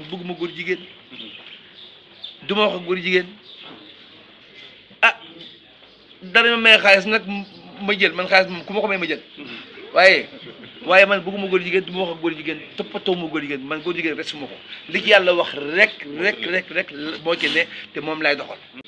man bëgguma góor jigéen du ma wax ak góor jigéen ah dara ma may xaalis nag ma jël man xaalis moom ku ma ko may ma jël waaye waaye man bëgguma góor jigéen du ma wax ak góor jigéen toppatoo ma góor jigéen man góor jigéen rek su ko li ci yàlla wax rek rek rek rek moo ci ne te moom laay doxal